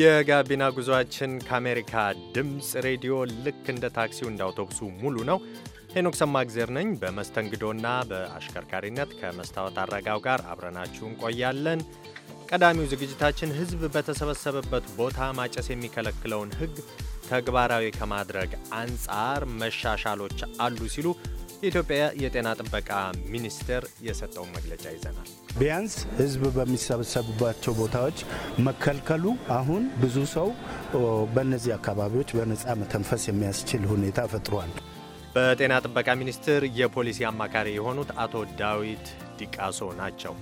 የጋቢና ጉዞአችን ከአሜሪካ ድምፅ ሬዲዮ ልክ እንደ ታክሲው እንደ አውቶቡሱ ሙሉ ነው። ሄኖክ ሰማግዜር ነኝ። በመስተንግዶና በአሽከርካሪነት ከመስታወት አረጋው ጋር አብረናችሁ እንቆያለን። ቀዳሚው ዝግጅታችን ሕዝብ በተሰበሰበበት ቦታ ማጨስ የሚከለክለውን ሕግ ተግባራዊ ከማድረግ አንጻር መሻሻሎች አሉ ሲሉ የኢትዮጵያ የጤና ጥበቃ ሚኒስቴር የሰጠውን መግለጫ ይዘናል። ቢያንስ ህዝብ በሚሰበሰቡባቸው ቦታዎች መከልከሉ አሁን ብዙ ሰው በእነዚህ አካባቢዎች በነፃ መተንፈስ የሚያስችል ሁኔታ ፈጥሯል። በጤና ጥበቃ ሚኒስቴር የፖሊሲ አማካሪ የሆኑት አቶ ዳዊት ዲቃሶ ናቸው።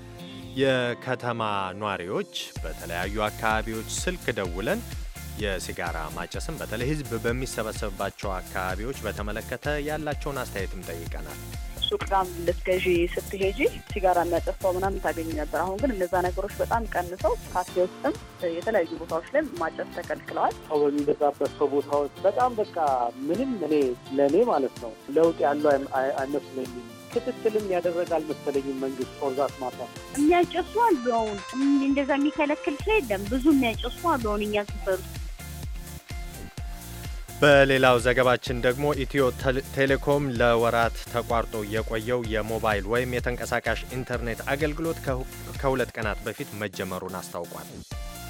የከተማ ኗሪዎች በተለያዩ አካባቢዎች ስልክ ደውለን የሲጋራ ማጨስም በተለይ ህዝብ በሚሰበሰብባቸው አካባቢዎች በተመለከተ ያላቸውን አስተያየትም ጠይቀናል። ሱቅ ጋም ልትገዢ ስትሄጂ ሲጋራ የሚያጨስ ሰው ምናምን ታገኝ ነበር። አሁን ግን እነዛ ነገሮች በጣም ቀንሰው ካፌ ውስጥም የተለያዩ ቦታዎች ላይ ማጨስ ተከልክለዋል። ሰው በሚበዛበት ሰው ቦታዎች በጣም በቃ ምንም እኔ ለእኔ ማለት ነው ለውጥ ያለው አይመስለኝም። ክትትልም ያደረገ አልመሰለኝም መንግስት ፎርዛት ማታ የሚያጨሱ አሉ። አሁን እንደዛ የሚከለክል ስለ የለም ብዙ የሚያጨሱ አሉ። አሁን እኛ ሰፈር በሌላው ዘገባችን ደግሞ ኢትዮ ቴሌኮም ለወራት ተቋርጦ የቆየው የሞባይል ወይም የተንቀሳቃሽ ኢንተርኔት አገልግሎት ከሁለት ቀናት በፊት መጀመሩን አስታውቋል።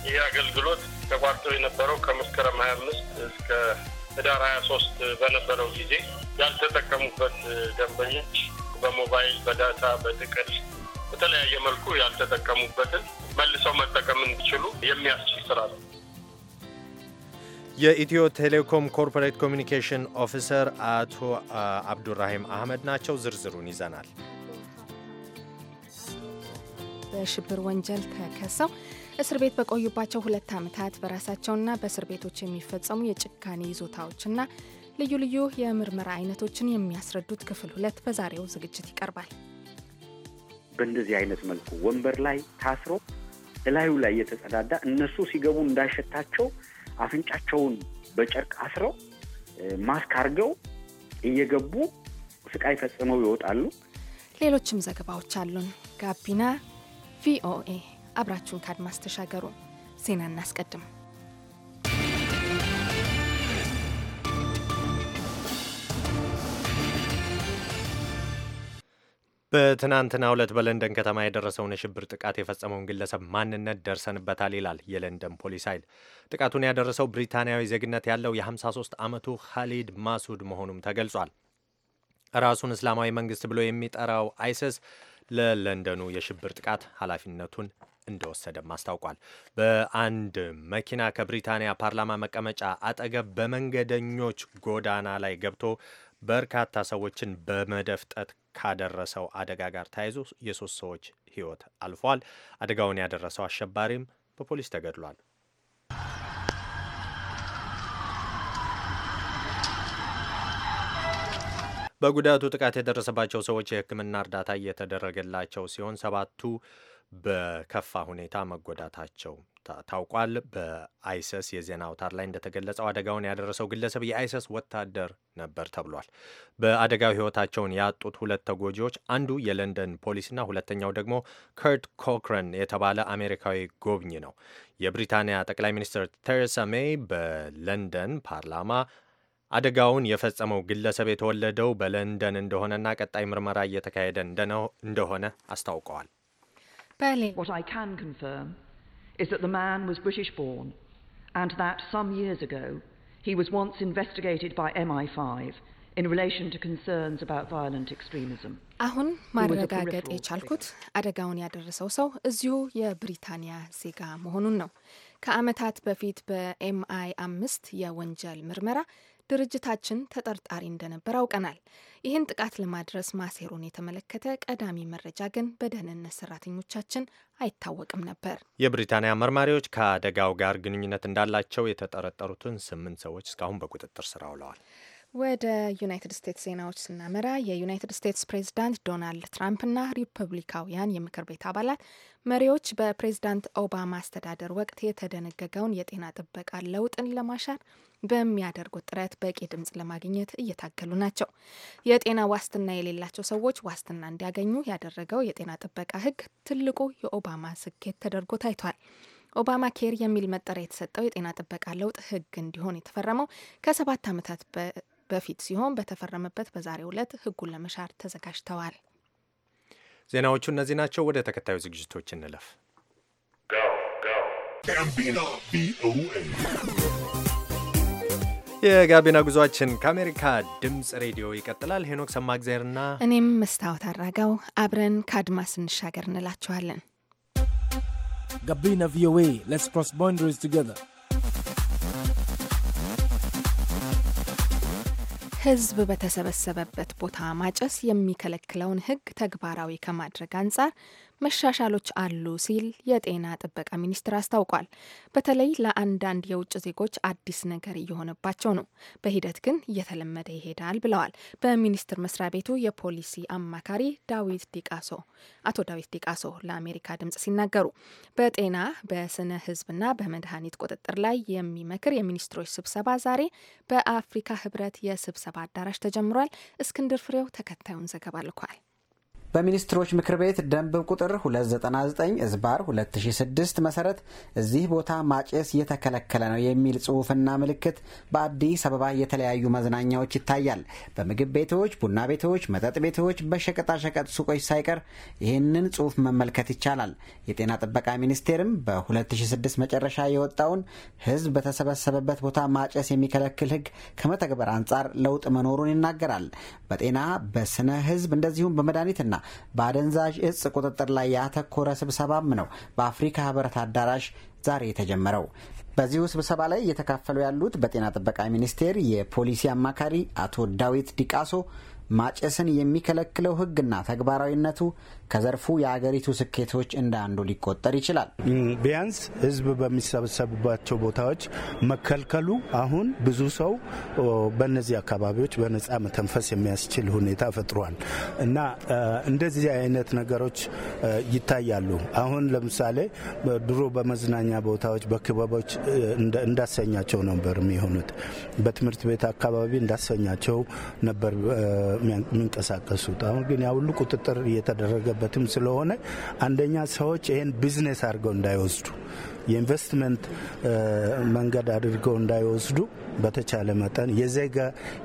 ይህ አገልግሎት ተቋርጦ የነበረው ከመስከረም 25 እስከ ህዳር 23 በነበረው ጊዜ ያልተጠቀሙበት ደንበኞች በሞባይል በዳታ በጥቅል በተለያየ መልኩ ያልተጠቀሙበትን መልሰው መጠቀም እንዲችሉ የሚያስችል ስራ ነው። የኢትዮ ቴሌኮም ኮርፖሬት ኮሚኒኬሽን ኦፊሰር አቶ አብዱራሂም አህመድ ናቸው። ዝርዝሩን ይዘናል። በሽብር ወንጀል ተከሰው እስር ቤት በቆዩባቸው ሁለት ዓመታት በራሳቸውና በእስር ቤቶች የሚፈጸሙ የጭካኔ ይዞታዎችና ልዩ ልዩ የምርመራ አይነቶችን የሚያስረዱት ክፍል ሁለት በዛሬው ዝግጅት ይቀርባል። በእንደዚህ አይነት መልኩ ወንበር ላይ ታስሮ እላዩ ላይ የተጸዳዳ እነሱ ሲገቡ እንዳይሸታቸው አፍንጫቸውን በጨርቅ አስረው ማስክ አድርገው እየገቡ ስቃይ ፈጽመው ይወጣሉ። ሌሎችም ዘገባዎች አሉን። ጋቢና ቪኦኤ አብራችሁን ከአድማስ ተሻገሩ። ዜና እናስቀድም። በትናንትና ዕለት በለንደን ከተማ የደረሰውን የሽብር ጥቃት የፈጸመውን ግለሰብ ማንነት ደርሰንበታል ይላል የለንደን ፖሊስ ኃይል። ጥቃቱን ያደረሰው ብሪታንያዊ ዜግነት ያለው የ53 ዓመቱ ኻሊድ ማሱድ መሆኑም ተገልጿል። ራሱን እስላማዊ መንግስት ብሎ የሚጠራው አይስስ ለለንደኑ የሽብር ጥቃት ኃላፊነቱን እንደወሰደም አስታውቋል። በአንድ መኪና ከብሪታንያ ፓርላማ መቀመጫ አጠገብ በመንገደኞች ጎዳና ላይ ገብቶ በርካታ ሰዎችን በመደፍጠት ካደረሰው አደጋ ጋር ተያይዞ የሶስት ሰዎች ህይወት አልፏል። አደጋውን ያደረሰው አሸባሪም በፖሊስ ተገድሏል። በጉዳቱ ጥቃት የደረሰባቸው ሰዎች የሕክምና እርዳታ እየተደረገላቸው ሲሆን ሰባቱ በከፋ ሁኔታ መጎዳታቸው ታውቋል። በአይሰስ የዜና አውታር ላይ እንደተገለጸው አደጋውን ያደረሰው ግለሰብ የአይሰስ ወታደር ነበር ተብሏል። በአደጋው ሕይወታቸውን ያጡት ሁለት ተጎጂዎች አንዱ የለንደን ፖሊስና ሁለተኛው ደግሞ ከርት ኮክረን የተባለ አሜሪካዊ ጎብኝ ነው። የብሪታንያ ጠቅላይ ሚኒስትር ቴሬሳ ሜይ በለንደን ፓርላማ አደጋውን የፈጸመው ግለሰብ የተወለደው በለንደን እንደሆነና ቀጣይ ምርመራ እየተካሄደ እንደሆነ አስታውቀዋል። is that the man was British born and that some years ago he was once investigated by MI5 in relation to concerns about violent extremism. አሁን ማረጋገጥ የቻልኩት አደጋውን ያደረሰው ሰው እዚሁ የብሪታንያ ዜጋ መሆኑን ነው። ከዓመታት በፊት በኤምአይ አምስት የወንጀል ምርመራ ድርጅታችን ተጠርጣሪ እንደነበር አውቀናል። ይህን ጥቃት ለማድረስ ማሴሩን የተመለከተ ቀዳሚ መረጃ ግን በደህንነት ሰራተኞቻችን አይታወቅም ነበር። የብሪታንያ መርማሪዎች ከአደጋው ጋር ግንኙነት እንዳላቸው የተጠረጠሩትን ስምንት ሰዎች እስካሁን በቁጥጥር ስር አውለዋል። ወደ ዩናይትድ ስቴትስ ዜናዎች ስናመራ የዩናይትድ ስቴትስ ፕሬዚዳንት ዶናልድ ትራምፕና ሪፐብሊካውያን የምክር ቤት አባላት መሪዎች በፕሬዚዳንት ኦባማ አስተዳደር ወቅት የተደነገገውን የጤና ጥበቃ ለውጥን ለማሻር በሚያደርጉት ጥረት በቂ ድምጽ ለማግኘት እየታገሉ ናቸው። የጤና ዋስትና የሌላቸው ሰዎች ዋስትና እንዲያገኙ ያደረገው የጤና ጥበቃ ህግ ትልቁ የኦባማ ስኬት ተደርጎ ታይቷል። ኦባማ ኬር የሚል መጠሪያ የተሰጠው የጤና ጥበቃ ለውጥ ህግ እንዲሆን የተፈረመው ከሰባት ዓመታት በፊት ሲሆን በተፈረመበት በዛሬው ዕለት ህጉን ለመሻር ተዘጋጅተዋል። ዜናዎቹ እነዚህ ናቸው። ወደ ተከታዩ ዝግጅቶች እንለፍ። የጋቢና ጉዟችን ከአሜሪካ ድምፅ ሬዲዮ ይቀጥላል። ሄኖክ ሰማእግዜርና እኔም መስታወት አድራገው አብረን ከአድማስ እንሻገር እንላችኋለን። ጋቢና ቪኦኤ ሌትስ ክሮስ ቦንደሪስ ቱጌዘር። ህዝብ በተሰበሰበበት ቦታ ማጨስ የሚከለክለውን ህግ ተግባራዊ ከማድረግ አንጻር መሻሻሎች አሉ ሲል የጤና ጥበቃ ሚኒስቴር አስታውቋል። በተለይ ለአንዳንድ የውጭ ዜጎች አዲስ ነገር እየሆነባቸው ነው፣ በሂደት ግን እየተለመደ ይሄዳል ብለዋል በሚኒስቴር መስሪያ ቤቱ የፖሊሲ አማካሪ ዳዊት ዲቃሶ አቶ ዳዊት ዲቃሶ ለአሜሪካ ድምጽ ሲናገሩ በጤና በስነ ህዝብና በመድኃኒት ቁጥጥር ላይ የሚመክር የሚኒስትሮች ስብሰባ ዛሬ በአፍሪካ ህብረት የስብሰባ አዳራሽ ተጀምሯል። እስክንድር ፍሬው ተከታዩን ዘገባ ልኳል። በሚኒስትሮች ምክር ቤት ደንብ ቁጥር 299 እዝባር 2006 መሰረት እዚህ ቦታ ማጨስ እየተከለከለ ነው የሚል ጽሁፍና ምልክት በአዲስ አበባ የተለያዩ መዝናኛዎች ይታያል። በምግብ ቤቶች፣ ቡና ቤቶች፣ መጠጥ ቤቶች፣ በሸቀጣሸቀጥ ሱቆች ሳይቀር ይህንን ጽሁፍ መመልከት ይቻላል። የጤና ጥበቃ ሚኒስቴርም በ2006 መጨረሻ የወጣውን ህዝብ በተሰበሰበበት ቦታ ማጨስ የሚከለክል ህግ ከመተግበር አንጻር ለውጥ መኖሩን ይናገራል። በጤና በስነ ህዝብ እንደዚሁም በመድኃኒትና በአደንዛዥ እጽ ቁጥጥር ላይ ያተኮረ ስብሰባም ነው በአፍሪካ ህብረት አዳራሽ ዛሬ የተጀመረው። በዚሁ ስብሰባ ላይ እየተካፈሉ ያሉት በጤና ጥበቃ ሚኒስቴር የፖሊሲ አማካሪ አቶ ዳዊት ዲቃሶ ማጨስን የሚከለክለው ህግና ተግባራዊነቱ ከዘርፉ የአገሪቱ ስኬቶች እንደ አንዱ ሊቆጠር ይችላል። ቢያንስ ህዝብ በሚሰበሰቡባቸው ቦታዎች መከልከሉ አሁን ብዙ ሰው በነዚህ አካባቢዎች በነፃ መተንፈስ የሚያስችል ሁኔታ ፈጥሯል እና እንደዚህ አይነት ነገሮች ይታያሉ። አሁን ለምሳሌ ድሮ በመዝናኛ ቦታዎች በክበቦች እንዳሰኛቸው ነበር የሚሆኑት፣ በትምህርት ቤት አካባቢ እንዳሰኛቸው ነበር የሚንቀሳቀሱት። አሁን ግን ያ ሁሉ ቁጥጥር እየተደረገ ያለበትም ስለሆነ አንደኛ ሰዎች ይህን ቢዝነስ አድርገው እንዳይወስዱ የኢንቨስትመንት መንገድ አድርገው እንዳይወስዱ በተቻለ መጠን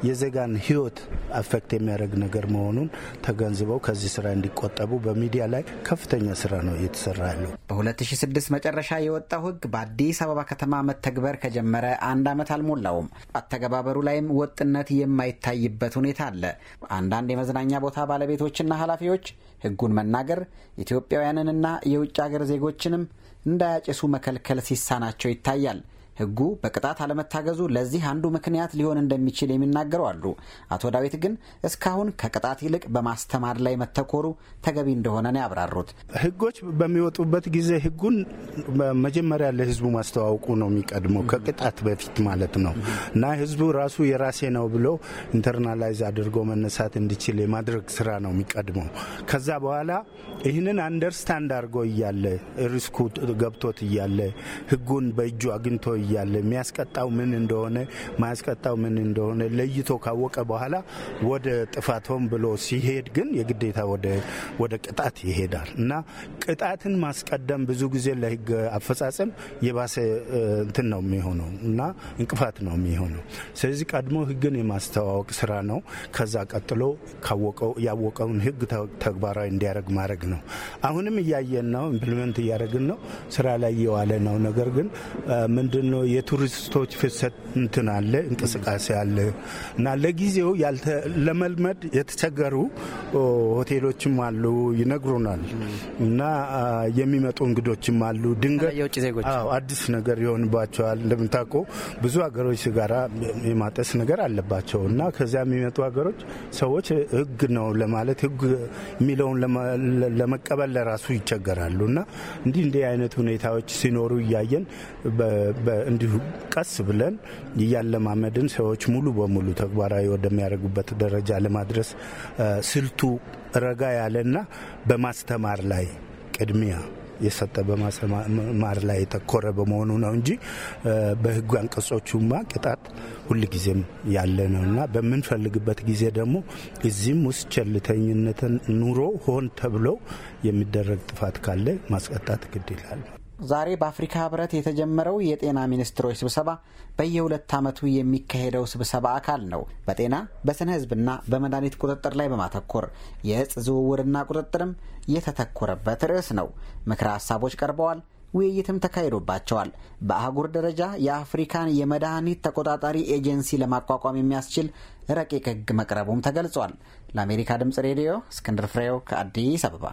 የዜጋን ሕይወት አፌክት የሚያደርግ ነገር መሆኑን ተገንዝበው ከዚህ ስራ እንዲቆጠቡ በሚዲያ ላይ ከፍተኛ ስራ ነው እየተሰራ ያለው። በ2006 መጨረሻ የወጣው ሕግ በአዲስ አበባ ከተማ መተግበር ከጀመረ አንድ ዓመት አልሞላውም። አተገባበሩ ላይም ወጥነት የማይታይበት ሁኔታ አለ። አንዳንድ የመዝናኛ ቦታ ባለቤቶችና ኃላፊዎች ሕጉን መናገር ኢትዮጵያውያንንና የውጭ ሀገር ዜጎችንም እንዳያጭሱ መከልከል ሲሳናቸው ይታያል። ህጉ በቅጣት አለመታገዙ ለዚህ አንዱ ምክንያት ሊሆን እንደሚችል የሚናገሩ አሉ። አቶ ዳዊት ግን እስካሁን ከቅጣት ይልቅ በማስተማር ላይ መተኮሩ ተገቢ እንደሆነ ነው ያብራሩት። ህጎች በሚወጡበት ጊዜ ህጉን መጀመሪያ ለህዝቡ ማስተዋወቁ ነው የሚቀድመው ከቅጣት በፊት ማለት ነው እና ህዝቡ ራሱ የራሴ ነው ብሎ ኢንተርናላይዝ አድርጎ መነሳት እንዲችል የማድረግ ስራ ነው የሚቀድመው። ከዛ በኋላ ይህንን አንደርስታንድ አድርጎ እያለ ሪስኩ ገብቶት እያለ ህጉን በእጁ አግኝቶ እያለ የሚያስቀጣው ምን እንደሆነ ማያስቀጣው ምን እንደሆነ ለይቶ ካወቀ በኋላ ወደ ጥፋት ሆን ብሎ ሲሄድ ግን የግዴታ ወደ ቅጣት ይሄዳል እና ቅጣትን ማስቀደም ብዙ ጊዜ ለህግ አፈጻጸም የባሰ እንትን ነው የሚሆነው እና እንቅፋት ነው የሚሆነው። ስለዚህ ቀድሞ ህግን የማስተዋወቅ ስራ ነው። ከዛ ቀጥሎ ያወቀውን ህግ ተግባራዊ እንዲያደርግ ማድረግ ነው። አሁንም እያየን ነው፣ ኢምፕሊመንት እያደረግን ነው፣ ስራ ላይ እየዋለ ነው። ነገር ግን ምንድን ማነው የቱሪስቶች ፍሰት እንትን አለ እንቅስቃሴ አለ እና ለጊዜው ለመልመድ የተቸገሩ ሆቴሎችም አሉ ይነግሩናል። እና የሚመጡ እንግዶችም አሉ። ድንገት የውጭ ዜጎች አዲስ ነገር ይሆንባቸዋል። እንደምታውቀው ብዙ ሀገሮች ጋራ የማጠስ ነገር አለባቸው እና ከዚያ የሚመጡ ሀገሮች ሰዎች ህግ ነው ለማለት ህግ የሚለውን ለመቀበል ለራሱ ይቸገራሉ እና እንዲህ እንዲህ አይነት ሁኔታዎች ሲኖሩ እያየን እንዲሁ ቀስ ብለን እያለማመድን ሰዎች ሙሉ በሙሉ ተግባራዊ ወደሚያደርጉበት ደረጃ ለማድረስ ስልቱ ረጋ ያለና በማስተማር ላይ ቅድሚያ የሰጠ በማስተማር ላይ የተኮረ በመሆኑ ነው እንጂ በሕግ አንቀጾቹማ ቅጣት ሁልጊዜም ያለ ነው እና በምንፈልግበት ጊዜ ደግሞ እዚህም ውስጥ ቸልተኝነትን ኑሮ ሆን ተብሎ የሚደረግ ጥፋት ካለ ማስቀጣት ግድ ይላል። ዛሬ በአፍሪካ ህብረት የተጀመረው የጤና ሚኒስትሮች ስብሰባ በየሁለት ዓመቱ የሚካሄደው ስብሰባ አካል ነው። በጤና በስነ ህዝብና በመድኃኒት ቁጥጥር ላይ በማተኮር የእጽ ዝውውርና ቁጥጥርም የተተኮረበት ርዕስ ነው። ምክረ ሀሳቦች ቀርበዋል። ውይይትም ተካሂዶባቸዋል። በአህጉር ደረጃ የአፍሪካን የመድኃኒት ተቆጣጣሪ ኤጀንሲ ለማቋቋም የሚያስችል ረቂቅ ህግ መቅረቡም ተገልጿል። ለአሜሪካ ድምጽ ሬዲዮ እስክንድር ፍሬው ከአዲስ አበባ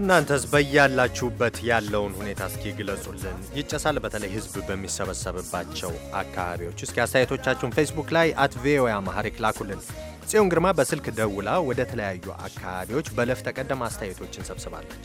እናንተስ በያላችሁበት ያለውን ሁኔታ እስኪ ግለጹልን። ይጨሳል በተለይ ህዝብ በሚሰበሰብባቸው አካባቢዎች። እስኪ አስተያየቶቻችሁን ፌስቡክ ላይ አት ቪኦኤ አማሐሪክ ላኩልን። ጽዮን ግርማ በስልክ ደውላ ወደ ተለያዩ አካባቢዎች በለፍ ተቀደም አስተያየቶችን ሰብስባለች።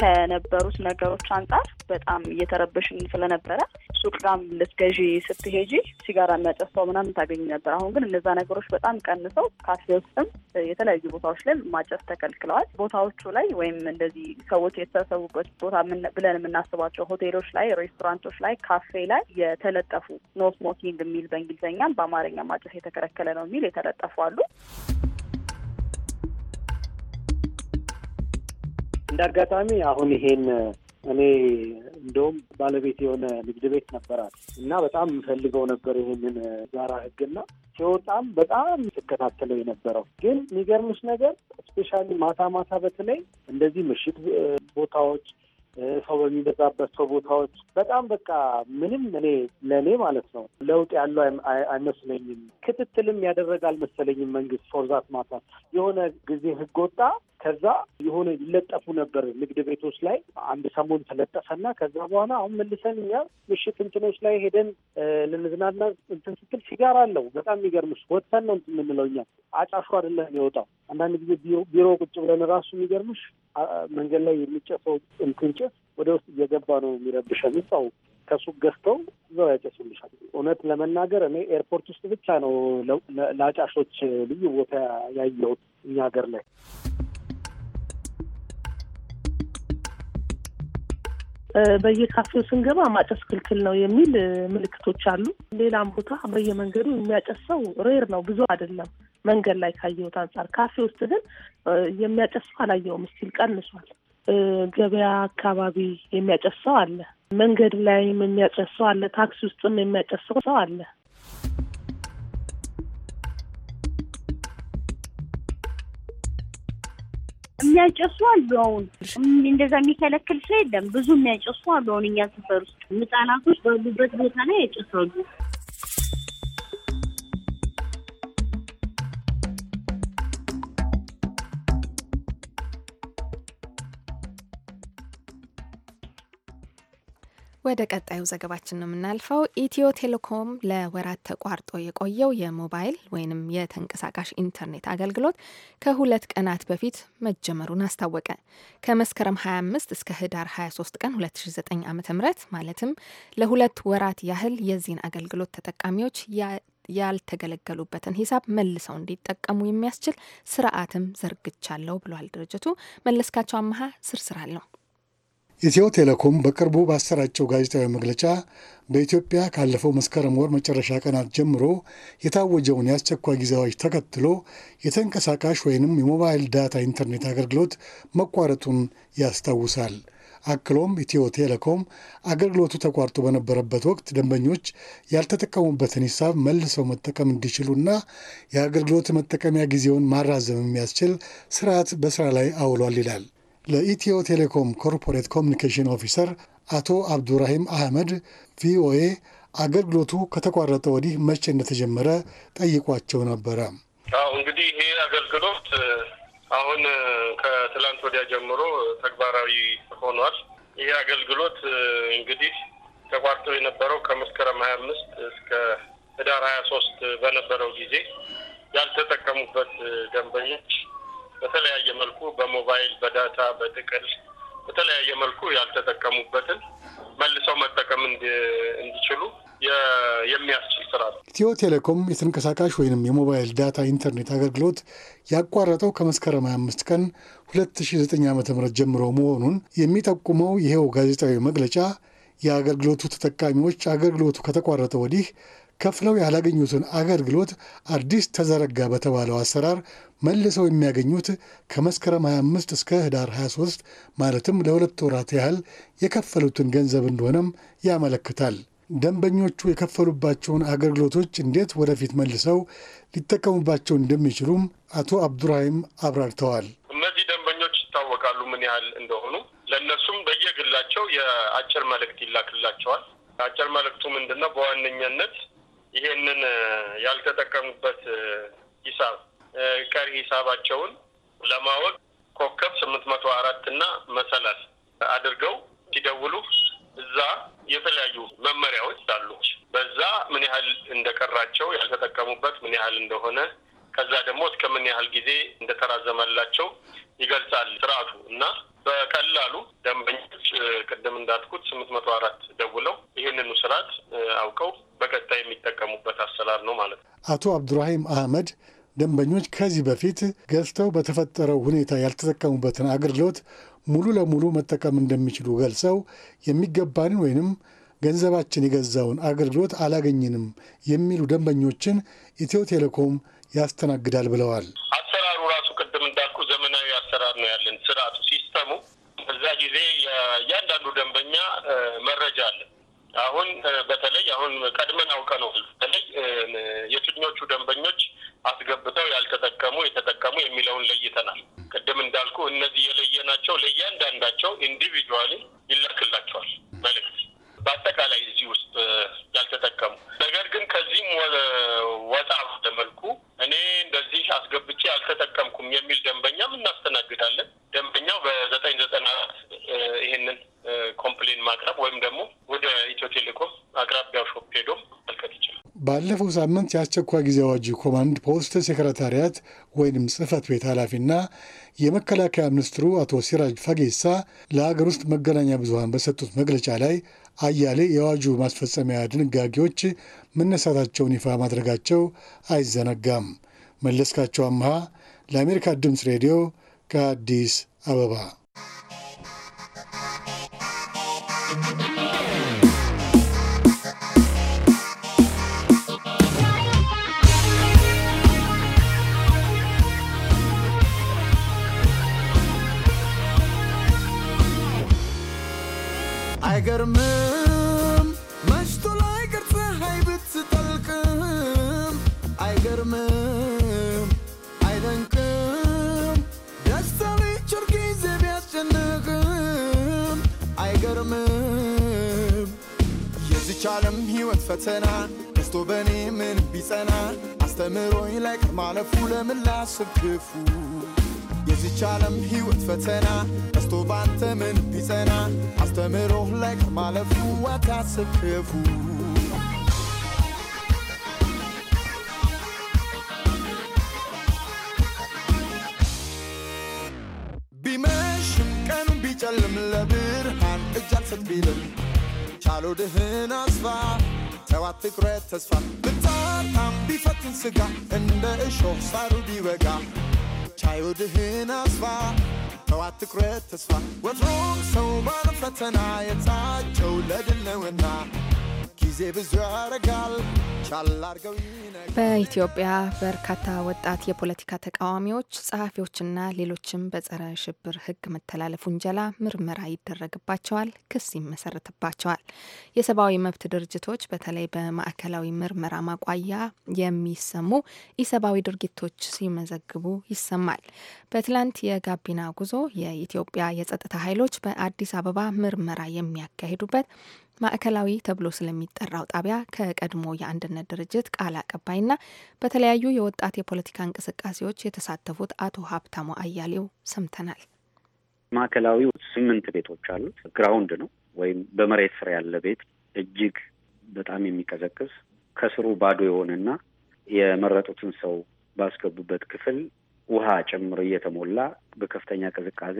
ከነበሩት ነገሮች አንጻር በጣም እየተረበሽን ስለነበረ ሱቅ ጋም ልትገዢ ስትሄጂ ሲጋራ የሚያጨስሰው ምናምን ታገኝ ነበር። አሁን ግን እነዛ ነገሮች በጣም ቀንሰው ካፌ ውስጥም የተለያዩ ቦታዎች ላይ ማጨስ ተከልክለዋል። ቦታዎቹ ላይ ወይም እንደዚህ ሰዎች የተሰበሰቡበት ቦታ ብለን የምናስባቸው ሆቴሎች ላይ፣ ሬስቶራንቶች ላይ፣ ካፌ ላይ የተለጠፉ ኖ ስሞኪንግ የሚል በእንግሊዝኛም በአማርኛ ማጨስ የተከለከለ ነው የሚል የተለጠፉ አሉ። እንደ አጋጣሚ አሁን ይሄን እኔ እንደውም ባለቤት የሆነ ንግድ ቤት ነበራት እና በጣም የምፈልገው ነበር ይህንን ጋራ ህግና ሲወጣም በጣም ስከታተለው የነበረው ግን የሚገርምሽ ነገር ስፔሻሊ ማታ ማታ በተለይ እንደዚህ ምሽት ቦታዎች ሰው ሰው ቦታዎች በጣም በቃ ምንም እኔ ለእኔ ማለት ነው ለውጥ ያለው አይመስለኝም። ክትትልም ያደረገ አልመሰለኝም መንግስት ፎርዛት ማታ የሆነ ጊዜ ህግ ወጣ ከዛ የሆነ ይለጠፉ ነበር ንግድ ቤቶች ላይ አንድ ሰሞን ተለጠፈና ከዛ በኋላ አሁን መልሰን እኛ ምሽት እንትኖች ላይ ሄደን ልንዝናና እንትን ስትል ሲጋራ አለው። በጣም የሚገርምሽ ወጥተን ነው የምንለው እኛ አጫሹ አይደለም የሚወጣው። አንዳንድ ጊዜ ቢሮ ቁጭ ብለን ራሱ የሚገርምሽ መንገድ ላይ የሚጨሰው እንትን ጭስ ወደ ውስጥ እየገባ ነው የሚረብሸን ሰው ከሱቅ ገዝተው እዛው ያጨሱልሻል። እውነት ለመናገር እኔ ኤርፖርት ውስጥ ብቻ ነው ለአጫሾች ልዩ ቦታ ያየሁት እኛ ሀገር ላይ በየካፌው ስንገባ ማጨስ ክልክል ነው የሚል ምልክቶች አሉ። ሌላም ቦታ በየመንገዱ የሚያጨስ ሰው ሬር ነው፣ ብዙ አይደለም መንገድ ላይ ካየሁት አንጻር። ካፌ ውስጥ ግን የሚያጨስ ሰው አላየውም፣ ቀንሷል። ገበያ አካባቢ የሚያጨስ ሰው አለ፣ መንገድ ላይም የሚያጨስ ሰው አለ፣ ታክሲ ውስጥም የሚያጨስ ሰው አለ። የሚያጨሱ አሉ። አሁን እንደዛ የሚከለክል ሰው የለም። ብዙ የሚያጨሱ አሉ። አሁን እኛ ሰፈር ውስጥ ህጻናቶች ባሉበት ቦታ ላይ ያጨሳሉ። ወደ ቀጣዩ ዘገባችን ነው የምናልፈው። ኢትዮ ቴሌኮም ለወራት ተቋርጦ የቆየው የሞባይል ወይንም የተንቀሳቃሽ ኢንተርኔት አገልግሎት ከሁለት ቀናት በፊት መጀመሩን አስታወቀ። ከመስከረም 25 እስከ ህዳር 23 ቀን 2009 ዓ ም ማለትም ለሁለት ወራት ያህል የዚህን አገልግሎት ተጠቃሚዎች ያልተገለገሉበትን ሂሳብ መልሰው እንዲጠቀሙ የሚያስችል ስርዓትም ዘርግቻለሁ ብሏል ድርጅቱ። መለስካቸው አመሀ ስርስራል አለው። ኢትዮ ቴሌኮም በቅርቡ ባሰራጨው ጋዜጣዊ መግለጫ በኢትዮጵያ ካለፈው መስከረም ወር መጨረሻ ቀናት ጀምሮ የታወጀውን የአስቸኳይ ጊዜ አዋጅ ተከትሎ የተንቀሳቃሽ ወይንም የሞባይል ዳታ ኢንተርኔት አገልግሎት መቋረጡን ያስታውሳል። አክሎም ኢትዮ ቴሌኮም አገልግሎቱ ተቋርጦ በነበረበት ወቅት ደንበኞች ያልተጠቀሙበትን ሂሳብ መልሰው መጠቀም እንዲችሉና የአገልግሎት መጠቀሚያ ጊዜውን ማራዘም የሚያስችል ስርዓት በስራ ላይ አውሏል ይላል። ለኢትዮ ቴሌኮም ኮርፖሬት ኮሚኒኬሽን ኦፊሰር አቶ አብዱራሂም አህመድ ቪኦኤ አገልግሎቱ ከተቋረጠ ወዲህ መቼ እንደተጀመረ ጠይቋቸው ነበረ። አዎ እንግዲህ ይሄ አገልግሎት አሁን ከትላንት ወዲያ ጀምሮ ተግባራዊ ሆኗል። ይሄ አገልግሎት እንግዲህ ተቋርጦ የነበረው ከመስከረም ሀያ አምስት እስከ ህዳር ሀያ ሶስት በነበረው ጊዜ ያልተጠቀሙበት ደንበኞች በተለያየ መልኩ በሞባይል በዳታ በጥቅል በተለያየ መልኩ ያልተጠቀሙበትን መልሰው መጠቀም እንዲችሉ የሚያስችል ስራ ነው። ኢትዮ ቴሌኮም የተንቀሳቃሽ ወይንም የሞባይል ዳታ ኢንተርኔት አገልግሎት ያቋረጠው ከመስከረም 25 ቀን 2009 ዓ ም ጀምሮ መሆኑን የሚጠቁመው ይኸው ጋዜጣዊ መግለጫ የአገልግሎቱ ተጠቃሚዎች አገልግሎቱ ከተቋረጠ ወዲህ ከፍለው ያላገኙትን አገልግሎት አዲስ ተዘረጋ በተባለው አሰራር መልሰው የሚያገኙት ከመስከረም 25 እስከ ህዳር 23 ማለትም ለሁለት ወራት ያህል የከፈሉትን ገንዘብ እንደሆነም ያመለክታል። ደንበኞቹ የከፈሉባቸውን አገልግሎቶች እንዴት ወደፊት መልሰው ሊጠቀሙባቸው እንደሚችሉም አቶ አብዱራሂም አብራርተዋል። እነዚህ ደንበኞች ይታወቃሉ ምን ያህል እንደሆኑ። ለእነሱም በየግላቸው የአጭር መልእክት ይላክላቸዋል። አጭር መልእክቱ ምንድን ነው? በዋነኛነት ይሄንን ያልተጠቀሙበት ሂሳብ ቀሪ ሂሳባቸውን ለማወቅ ኮከብ ስምንት መቶ አራት እና መሰላል አድርገው ሲደውሉ እዛ የተለያዩ መመሪያዎች አሉ። በዛ ምን ያህል እንደቀራቸው ያልተጠቀሙበት ምን ያህል እንደሆነ ከዛ ደግሞ እስከ ምን ያህል ጊዜ እንደተራዘመላቸው ይገልጻል ስርዓቱ እና በቀላሉ ደንበኞች ቅድም እንዳልኩት ስምንት መቶ አራት ደውለው ይህንኑ ስርዓት አውቀው በቀጣይ የሚጠቀሙበት አሰራር ነው ማለት ነው። አቶ አብዱራሂም አህመድ ደንበኞች ከዚህ በፊት ገዝተው በተፈጠረው ሁኔታ ያልተጠቀሙበትን አገልግሎት ሙሉ ለሙሉ መጠቀም እንደሚችሉ ገልጸው የሚገባንን ወይንም ገንዘባችን የገዛውን አገልግሎት አላገኝንም የሚሉ ደንበኞችን ኢትዮ ቴሌኮም ያስተናግዳል ብለዋል። አሰራሩ ራሱ ሲስተሙ በዛ ጊዜ እያንዳንዱ ደንበኛ መረጃ አለ። አሁን በተለይ አሁን ቀድመን አውቀ ነው በተለይ የትኞቹ ደንበኞች አስገብተው ያልተጠቀሙ የተጠቀሙ የሚለውን ለይተናል። ቅድም እንዳልኩ እነዚህ የለየናቸው ለእያንዳንዳቸው ኢንዲቪጁዋሊ ይላክላቸዋል መልእክት በአጠቃላይ እዚህ ውስጥ ያልተጠቀሙ። ነገር ግን ከዚህም ወጣ ባለ መልኩ እኔ እንደዚህ አስገብቼ አልተጠቀምኩም የሚል ደንበኛም እናስተናግዳለን። ደንበኛው በዘጠኝ ዘጠና ይህንን ኮምፕሌን ማቅረብ ወይም ደግሞ ወደ ኢትዮ ቴሌኮም አቅራቢያው ሾፕ ሄዶ መልከት ይችላል። ባለፈው ሳምንት የአስቸኳይ ጊዜ አዋጅ ኮማንድ ፖስት ሴክረታሪያት ወይንም ጽህፈት ቤት ኃላፊና የመከላከያ ሚኒስትሩ አቶ ሲራጅ ፈጌሳ ለሀገር ውስጥ መገናኛ ብዙሀን በሰጡት መግለጫ ላይ አያሌ የአዋጁ ማስፈጸሚያ ድንጋጌዎች መነሳታቸውን ይፋ ማድረጋቸው አይዘነጋም። መለስካቸው አምሃ ለአሜሪካ ድምፅ ሬዲዮ Addis Ababa. I got a አይገርምም የዚች ዓለም ሕይወት ፈተና ደስቶ በእኔ ምን ቢጸና አስተምሮኝ ላይ ማለፉ ለምን ላስብ የዚች ዓለም ሕይወት ፈተና ደስቶ ምን ቢጸና አስተምሮህ ላይ ቢልም ቻሉ ድህን አስፋ ተዋት ትኩረት ተስፋ ብታርታም ቢፈትን ስጋ እንደ እሾህ ሳሩ ቢወጋ ቻዩ ድህን አስፋ ተዋት ትኩረት ተስፋ ወትሮም ሰው ባለ ፈተና የታቸው ለድል ነውና ጊዜ ብዙ ያረጋል በኢትዮጵያ በርካታ ወጣት የፖለቲካ ተቃዋሚዎች፣ ጸሐፊዎችና ሌሎችም በጸረ ሽብር ህግ መተላለፍ ውንጀላ ምርመራ ይደረግባቸዋል፣ ክስ ይመሰረትባቸዋል። የሰብአዊ መብት ድርጅቶች በተለይ በማዕከላዊ ምርመራ ማቋያ የሚሰሙ ኢሰብአዊ ድርጊቶች ሲመዘግቡ ይሰማል። በትላንት የጋቢና ጉዞ የኢትዮጵያ የጸጥታ ኃይሎች በአዲስ አበባ ምርመራ የሚያካሂዱበት ማዕከላዊ ተብሎ ስለሚጠራው ጣቢያ ከቀድሞ የአንድነት ድርጅት ቃል አቀባይና በተለያዩ የወጣት የፖለቲካ እንቅስቃሴዎች የተሳተፉት አቶ ሀብታሙ አያሌው ሰምተናል። ማዕከላዊው ስምንት ቤቶች አሉት። ግራውንድ ነው ወይም በመሬት ስር ያለ ቤት እጅግ በጣም የሚቀዘቅዝ ከስሩ ባዶ የሆነና የመረጡትን ሰው ባስገቡበት ክፍል ውሃ ጭምር እየተሞላ በከፍተኛ ቅዝቃዜ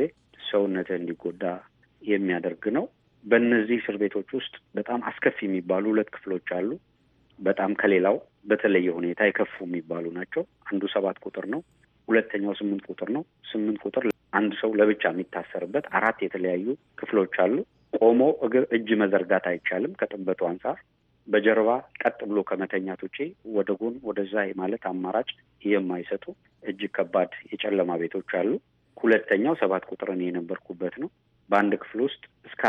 ሰውነትህ እንዲጎዳ የሚያደርግ ነው። በእነዚህ እስር ቤቶች ውስጥ በጣም አስከፊ የሚባሉ ሁለት ክፍሎች አሉ። በጣም ከሌላው በተለየ ሁኔታ የከፉ የሚባሉ ናቸው። አንዱ ሰባት ቁጥር ነው። ሁለተኛው ስምንት ቁጥር ነው። ስምንት ቁጥር አንድ ሰው ለብቻ የሚታሰርበት አራት የተለያዩ ክፍሎች አሉ። ቆሞ እግር እጅ መዘርጋት አይቻልም ከጥበቱ አንጻር በጀርባ ቀጥ ብሎ ከመተኛት ውጪ ወደ ጎን ወደዛ ማለት አማራጭ የማይሰጡ እጅግ ከባድ የጨለማ ቤቶች አሉ። ሁለተኛው ሰባት ቁጥርን የነበርኩበት ነው። በአንድ ክፍል ውስጥ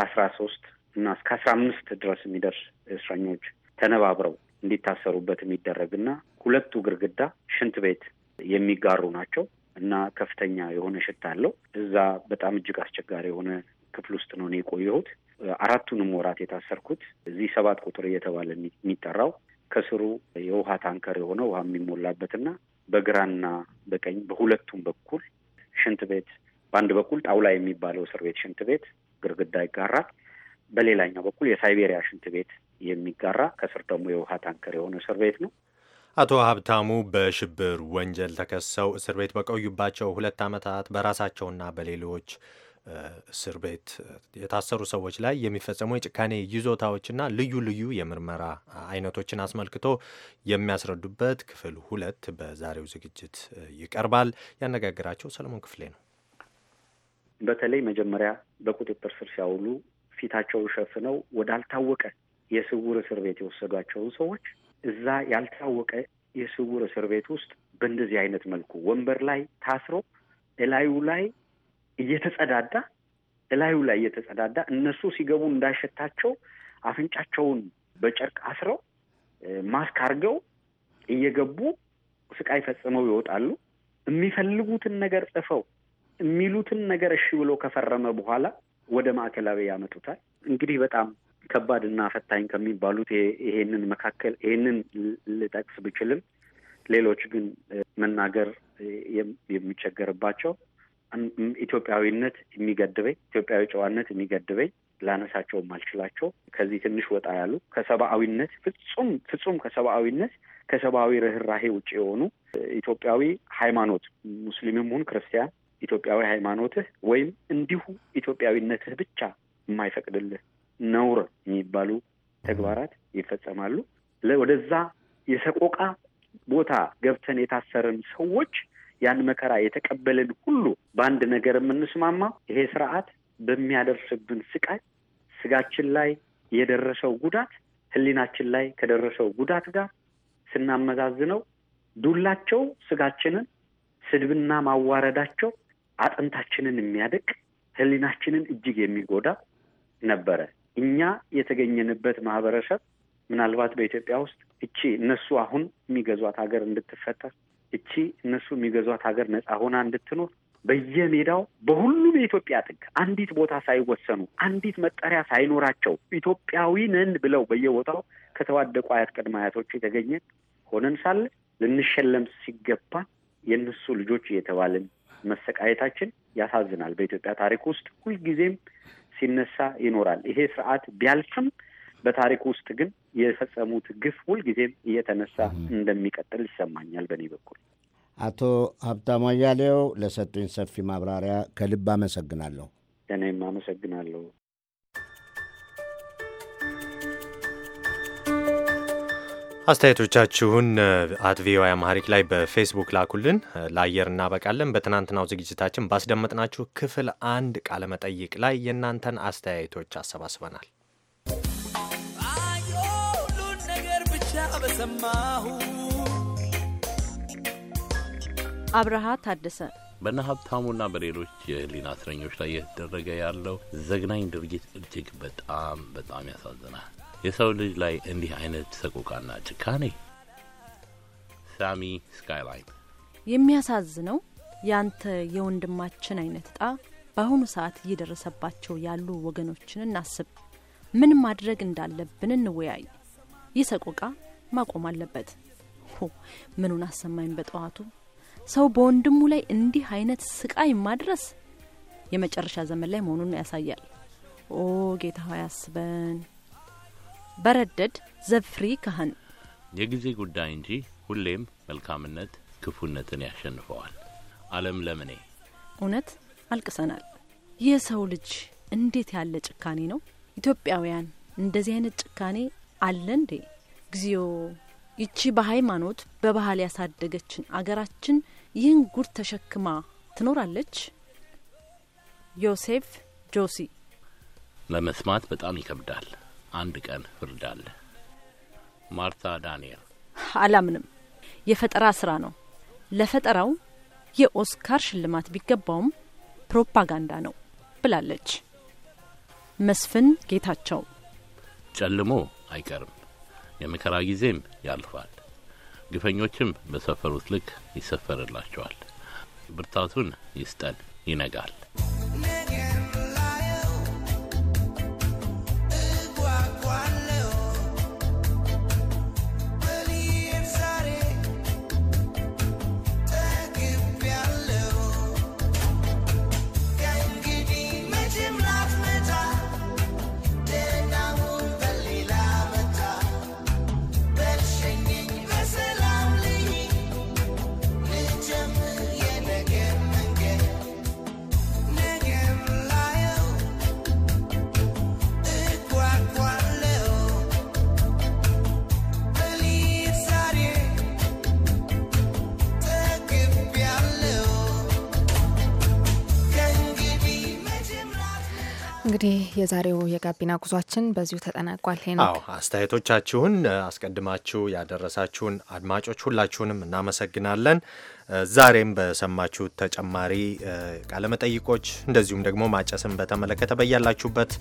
አስራ ሶስት እና እስከ አስራ አምስት ድረስ የሚደርስ እስረኞች ተነባብረው እንዲታሰሩበት የሚደረግና ሁለቱ ግርግዳ ሽንት ቤት የሚጋሩ ናቸው እና ከፍተኛ የሆነ ሽታ አለው። እዛ በጣም እጅግ አስቸጋሪ የሆነ ክፍል ውስጥ ነው እኔ የቆየሁት። አራቱንም ወራት የታሰርኩት እዚህ ሰባት ቁጥር እየተባለ የሚጠራው ከስሩ የውሃ ታንከር የሆነ ውሃ የሚሞላበትና በግራና በቀኝ በሁለቱም በኩል ሽንት ቤት፣ በአንድ በኩል ጣውላ የሚባለው እስር ቤት ሽንት ቤት፣ ግርግዳ ይጋራል። በሌላኛው በኩል የሳይቤሪያ ሽንት ቤት የሚጋራ ከስር ደግሞ የውሃ ታንከር የሆነ እስር ቤት ነው። አቶ ሀብታሙ በሽብር ወንጀል ተከሰው እስር ቤት በቆዩባቸው ሁለት ዓመታት በራሳቸውና በሌሎች እስር ቤት የታሰሩ ሰዎች ላይ የሚፈጸሙ የጭካኔ ይዞታዎችና ልዩ ልዩ የምርመራ አይነቶችን አስመልክቶ የሚያስረዱበት ክፍል ሁለት በዛሬው ዝግጅት ይቀርባል። ያነጋገራቸው ሰለሞን ክፍሌ ነው። በተለይ መጀመሪያ በቁጥጥር ስር ሲያውሉ ፊታቸውን ሸፍነው ወዳልታወቀ የስውር እስር ቤት የወሰዷቸውን ሰዎች እዛ ያልታወቀ የስውር እስር ቤት ውስጥ በእንደዚህ አይነት መልኩ ወንበር ላይ ታስሮ እላዩ ላይ እየተጸዳዳ እላዩ ላይ እየተጸዳዳ እነሱ ሲገቡ እንዳይሸታቸው አፍንጫቸውን በጨርቅ አስረው ማስክ አድርገው እየገቡ ስቃይ ፈጽመው ይወጣሉ። የሚፈልጉትን ነገር ጽፈው የሚሉትን ነገር እሺ ብሎ ከፈረመ በኋላ ወደ ማዕከላዊ ያመጡታል። እንግዲህ በጣም ከባድ እና ፈታኝ ከሚባሉት ይሄንን መካከል ይሄንን ልጠቅስ ብችልም ሌሎች ግን መናገር የሚቸገርባቸው ኢትዮጵያዊነት የሚገድበኝ፣ ኢትዮጵያዊ ጨዋነት የሚገድበኝ ላነሳቸውም አልችላቸው። ከዚህ ትንሽ ወጣ ያሉ ከሰብአዊነት ፍጹም ፍጹም ከሰብአዊነት ከሰብአዊ ርኅራሄ ውጭ የሆኑ ኢትዮጵያዊ ሃይማኖት ሙስሊምም ሁን ክርስቲያን ኢትዮጵያዊ ሃይማኖትህ ወይም እንዲሁ ኢትዮጵያዊነትህ ብቻ የማይፈቅድልህ ነውር የሚባሉ ተግባራት ይፈጸማሉ። ወደዛ የሰቆቃ ቦታ ገብተን የታሰርን ሰዎች ያን መከራ የተቀበልን ሁሉ በአንድ ነገር የምንስማማ ይሄ ስርዓት በሚያደርስብን ስቃይ ስጋችን ላይ የደረሰው ጉዳት ህሊናችን ላይ ከደረሰው ጉዳት ጋር ስናመዛዝነው ዱላቸው ስጋችንን፣ ስድብና ማዋረዳቸው አጥንታችንን የሚያደቅ ህሊናችንን እጅግ የሚጎዳ ነበረ። እኛ የተገኘንበት ማህበረሰብ ምናልባት በኢትዮጵያ ውስጥ እቺ እነሱ አሁን የሚገዟት ሀገር እንድትፈጠር እቺ እነሱ የሚገዟት ሀገር ነፃ ሆና እንድትኖር በየሜዳው በሁሉም የኢትዮጵያ ጥግ አንዲት ቦታ ሳይወሰኑ አንዲት መጠሪያ ሳይኖራቸው ኢትዮጵያዊ ነን ብለው በየቦታው ከተዋደቁ አያት ቅድመ አያቶች የተገኘ ሆነን ሳለ ልንሸለም ሲገባ የእነሱ ልጆች እየተባልን መሰቃየታችን ያሳዝናል። በኢትዮጵያ ታሪክ ውስጥ ሁልጊዜም ሲነሳ ይኖራል። ይሄ ስርዓት ቢያልፍም በታሪክ ውስጥ ግን የፈጸሙት ግፍ ሁልጊዜም እየተነሳ እንደሚቀጥል ይሰማኛል በእኔ በኩል። አቶ ሀብታሙ አያሌው ለሰጡኝ ሰፊ ማብራሪያ ከልብ አመሰግናለሁ። እኔም አመሰግናለሁ። አስተያየቶቻችሁን አት ቪኦኤ አማሪክ ላይ በፌስቡክ ላኩልን፣ ለአየር እናበቃለን። በትናንትናው ዝግጅታችን ባስደመጥናችሁ ክፍል አንድ ቃለመጠይቅ ላይ የእናንተን አስተያየቶች አሰባስበናል። ሁሉን ነገር ብቻ በሰማሁ አብርሃ ታደሰ በነ ሀብታሙና በሌሎች የህሊና እስረኞች ላይ እየተደረገ ያለው ዘግናኝ ድርጊት እጅግ በጣም በጣም ያሳዝናል። የሰው ልጅ ላይ እንዲህ አይነት ሰቆቃና ጭካኔ ሳሚ ስካይላይን። የሚያሳዝነው ያንተ የወንድማችን አይነት እጣ በአሁኑ ሰዓት እየደረሰባቸው ያሉ ወገኖችን እናስብ። ምን ማድረግ እንዳለብን እንወያይ። ይህ ሰቆቃ ማቆም አለበት። ምኑን አሰማኝ በጠዋቱ ሰው በወንድሙ ላይ እንዲህ አይነት ስቃይ ማድረስ የመጨረሻ ዘመን ላይ መሆኑን ያሳያል። ኦ ጌታ ሆይ አስበን። በረደድ ዘፍሪ ካህን የጊዜ ጉዳይ እንጂ ሁሌም መልካምነት ክፉነትን ያሸንፈዋል። ዓለም ለምኔ እውነት አልቅሰናል። የሰው ልጅ እንዴት ያለ ጭካኔ ነው! ኢትዮጵያውያን እንደዚህ አይነት ጭካኔ አለ እንዴ? እግዚኦ! ይቺ በሃይማኖት በባህል ያሳደገችን አገራችን ይህን ጉድ ተሸክማ ትኖራለች? ዮሴፍ ጆሲ ለመስማት በጣም ይከብዳል። አንድ ቀን ፍርድ አለ። ማርታ ዳንኤል አላምንም። የፈጠራ ስራ ነው። ለፈጠራው የኦስካር ሽልማት ቢገባውም ፕሮፓጋንዳ ነው ብላለች። መስፍን ጌታቸው ጨልሞ አይቀርም፣ የመከራ ጊዜም ያልፋል፣ ግፈኞችም በሰፈሩት ልክ ይሰፈርላቸዋል። ብርታቱን ይስጠን። ይነጋል። እንግዲህ የዛሬው የጋቢና ጉዟችን በዚሁ ተጠናቋል። ሄኖክ፣ አስተያየቶቻችሁን አስቀድማችሁ ያደረሳችሁን አድማጮች ሁላችሁንም እናመሰግናለን። ዛሬም በሰማችሁ ተጨማሪ ቃለመጠይቆች እንደዚሁም ደግሞ ማጨስን በተመለከተ በያላችሁበት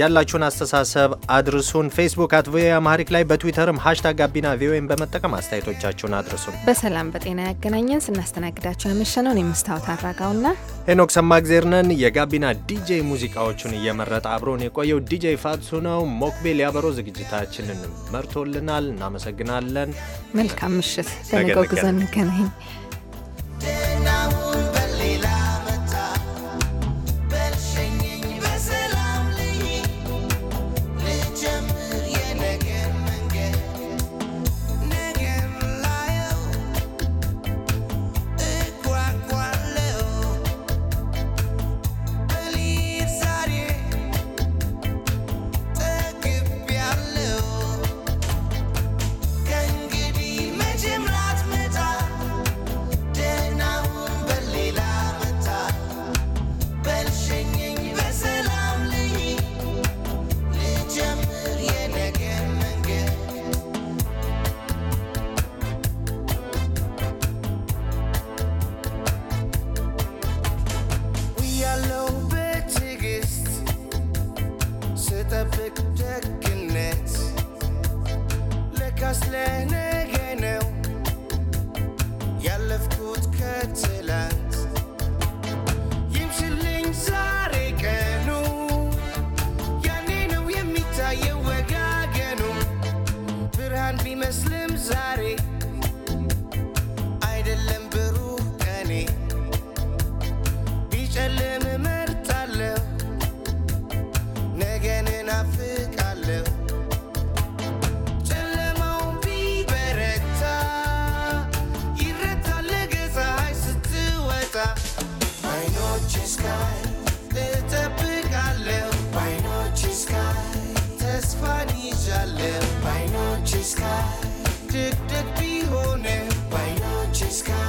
ያላችሁን አስተሳሰብ አድርሱን። ፌስቡክ አት ቪኦኤ አማሪክ ላይ በትዊተርም ሀሽታግ ጋቢና ቪኦኤን በመጠቀም አስተያየቶቻችሁን አድርሱን። በሰላም በጤና ያገናኘን። ስናስተናግዳቸው ያመሸነውን የመስታወት አድራጋውና ሄኖክ ሰማግዜርነን የጋቢና ዲጄ ሙዚቃዎቹን እየመረጠ አብሮን የቆየው ዲጄ ፋትሱ ነው። ሞክቤል ያበሮ ዝግጅታችንን መርቶልናል። እናመሰግናለን። መልካም ምሽት። በነገው ጉዞ እንገናኝ። Aslenek sky, addicted, be on it. Why not just sky?